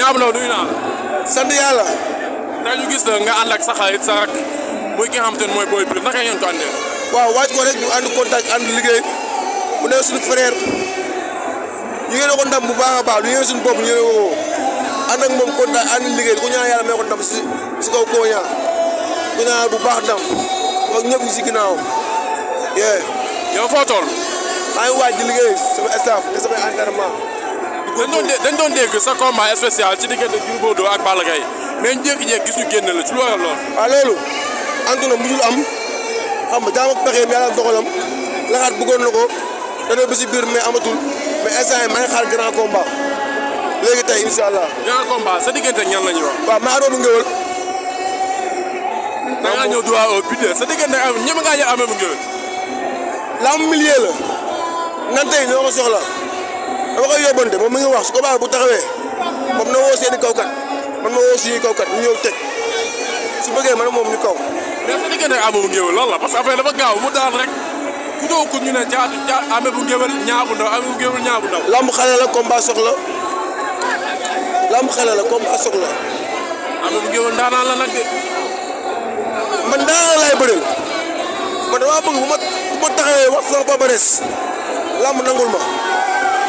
yaa ngi nuyu naa la. sant yàlla. tey ñu gis la nga ànd ak sa xarit sa rak muy ki nga xam mooy Boy Pire naka ngeen ko àndee. waaw waaj ko rek ñu ànd contact liggéey mu ne suñu frère ñu ngi ko ndam bu baax baax lu ñu suñu bopp ñu ngi ko ànd ak moom contact ànd ko ñaan yàlla may si si kaw koo ñaan ku ñaan bu baax ndam ak si ginnaaw yee. yow foo toll. maa ngi waaj di liggéey sama staff te samay entraînement. dañ doon dañ doon dégg sa combat spécial ci diggante Gris Bordeaux ak Balla Gaye mais jékki-jékki gis ñu génn la ci lu waral lool. waaw ah, am xam nga jaam ak pexeem yàlla doxalam laxaat bëggoon na ko ba si biir mais amatul mais instant yii maa ngi xaar grand combat léegi tey incha allah. grand sa diggante ñan la ñuy wax. waaw maa doomu ngéwël. da ngaa ñëw droit sa diggante am ñëpp ngaa ñëw amee mu ngéwël. lamb milieu la. nante yi dama moom mi ngi ko baax bu taxawee moom na woo seen i kawkat man ma woo suñuy kawkat ñu su bëggee man moom ñu kaw. mais su diggante bu Ngéwél loolu la parce que affaire dafa gaaw mu daan rek ku doon ñu ne caatu caatu bu Ngéwél Niang bu Ndaw Ama bu Ngéwél Niang bu lamb xale la combat soxla lamb xale la combat soxla. Ama bu Ngéwél daanaan la nag de. man lamb nangul ma.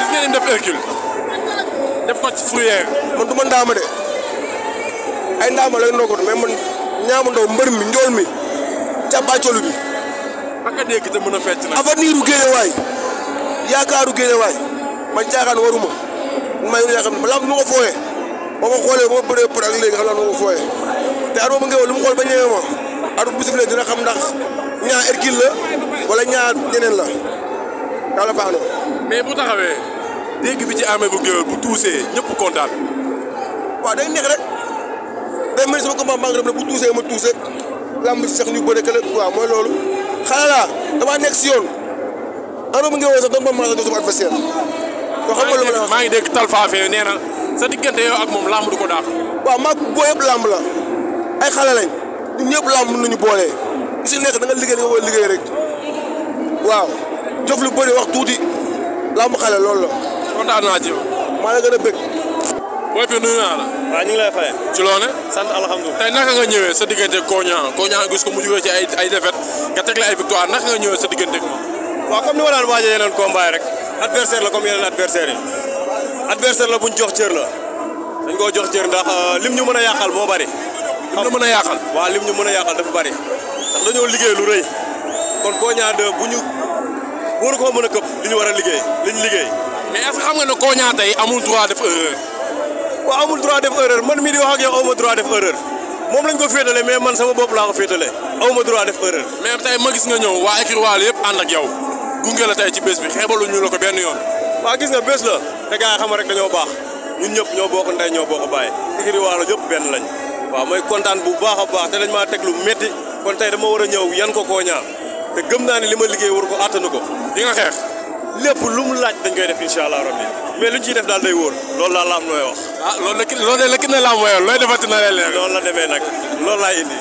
gis ngeen ni def ko man du ma ndaama de ay ndaama lay ndogoon mais man ñaamu ndaw mbër mi njool mi càppaacolu bi. aka dégg te mën a fecc nag. avenir u Guédiawaye yaakaaru Guédiawaye man caaxaan waruma man maa ngi yaakaar ne balaa ma ko fooyee ba ma xoolee ba ma bëree pare ak léegi xam naa ma ko fooyee te at ma ngeewal lu mu xool ba ñëwee ma at bu siflee dina xam ndax ñaar Hercule la wala ñaar ñeneen la yàlla baax dégg bi ci amee bu géwél bu tuusee ñëpp kontaan. waaw day neex rek day mel sama combat maa ngi rëb bu tuusee ma tuuse lamb ci sax ñu bëre kële waaw mooy loolu xale laa damaa nekk si yoon aroom ngi woon sax doon ma maa sama adversaire. ko xam nga lu ma wax maa ngi dégg Talfa Fee nee na sa diggante yow ak moom lamb ko daax waaw maa boo yëpp lamb la ay xale lañ ñëpp lamb mën ñu boole ku si nekk da nga liggéey liggéey rek waaw jof lu bëri wax tuuti lamb xale loolu la. kontaan naa ci. maa la gën a bëgg. booy bi nuyu naa la. waaw ñu ngi lay fay. ci loone sant alhamdulilah. tey naka nga ñëwee sa diggante Kognan Kognan gis ko ci ay ay défaite nga teg ay victoire naka nga ñëwee sa diggante ak moom. waaw comme ni ma daan waajee yeneen combat yi rek. adversaire la comme yeneen adversaire yi. adversaire la buñ jox cër la. dañ koo jox cër ndax euh, lim ñu mën a yàqal moo bari. lim ñu mën a yàqal. waaw lim ñu mën a yàqal dafa bari. dañoo liggéey lu rëy. kon Kognan 2 koo mën a këpp li ñu a liggéey li liggéey mais est que xam nga ne Kogna tey amul droit def erreur. waaw amul droit def erreur man mii di wax ak yow awma droit def erreur moom lañ ko féetale mais man sama bopp laa ko féetale awma droit def erreur. mais tey ma gis nga ñëw waa écurie Walo yëpp ànd ak yow gunge la tey ci bés bi xeebalu ñu la ko benn yoon. waa gis nga bés la te gars yi xam rek dañoo baax ñun ñëpp ñoo bokk ndey ñoo bokk bàyyi écurie Walo ñëpp benn lañ waaw mooy kontaan bu baax a baax te dañ maa teg lu métti kon tey dama war a ñëw yan ko Kogna te gëm naa ne li ma liggéey war ko àttanu ko di nga xeex lépp lu mu laaj dañ koy def incha allah rabbi mais lu ñu def daal day wóor loolu daal la am looy wax. ah loolu la ki loolu la ki ne la am na leen. loolu la demee nag loolu laay indi.